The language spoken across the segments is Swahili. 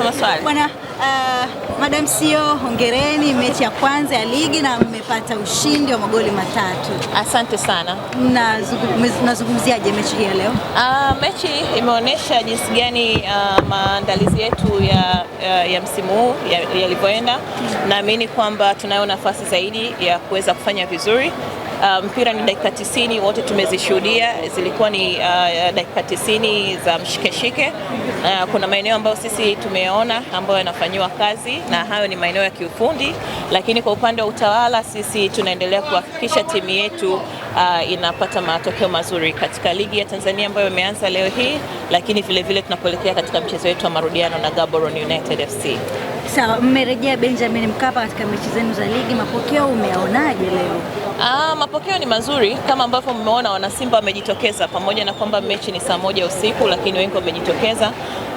Soma swali. Bwana uh, Madam CEO, hongereni mechi ya kwanza ya ligi na mmepata ushindi wa magoli matatu. Asante sana. Nazungumziaje mechi hii ya leo? Uh, mechi imeonyesha jinsi gani uh, maandalizi yetu ya, ya, eh, ya msimu huu yalivyoenda ya hmm. naamini kwamba tunayo nafasi zaidi ya kuweza kufanya vizuri Uh, mpira um, ni dakika 90 wote tumezishuhudia, zilikuwa ni uh, dakika 90 za mshikeshike. Uh, kuna maeneo ambayo sisi tumeona ambayo yanafanyiwa kazi na hayo ni maeneo ya kiufundi, lakini kwa upande wa utawala sisi tunaendelea kuhakikisha timu yetu uh, inapata matokeo mazuri katika ligi ya Tanzania ambayo imeanza leo hii, lakini vile vile tunapoelekea katika mchezo wetu wa marudiano na Gaborone United FC. Sawa, mmerejea Benjamin Mkapa katika mechi zenu za ligi, mapokeo umeonaje leo? Ah, mapokeo ni mazuri kama ambavyo mmeona wanasimba wamejitokeza, pamoja na kwamba mechi ni saa moja usiku, lakini wengi wamejitokeza,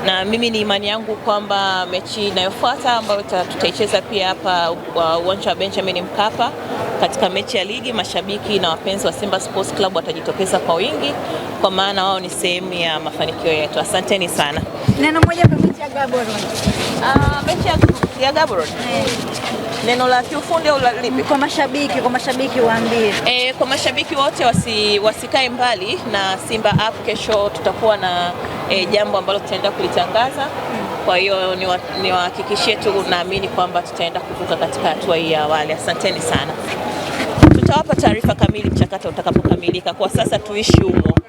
na mimi ni imani yangu kwamba mechi inayofuata ambayo tutaicheza pia hapa uwanja wa Benjamin Mkapa katika mechi ya ligi, mashabiki na wapenzi wa Simba Sports Club watajitokeza kwa wingi, kwa maana wao ni sehemu ya mafanikio yetu. Asanteni sana. Neno moja kwa mechi ya Gabon. Ah, mechi ya ya Gaborone neno la kiufundi au lipi? Kwa mashabiki, kwa mashabiki waambie. E, kwa mashabiki wote wasi, wasikae mbali na Simba Up. Kesho tutakuwa na e, jambo ambalo tutaenda kulitangaza kwa hiyo niwahakikishie tu, naamini kwamba tutaenda kuvuka katika hatua hii ya awali. Asanteni sana, tutawapa taarifa kamili mchakato utakapokamilika. Kwa sasa tuishi humo.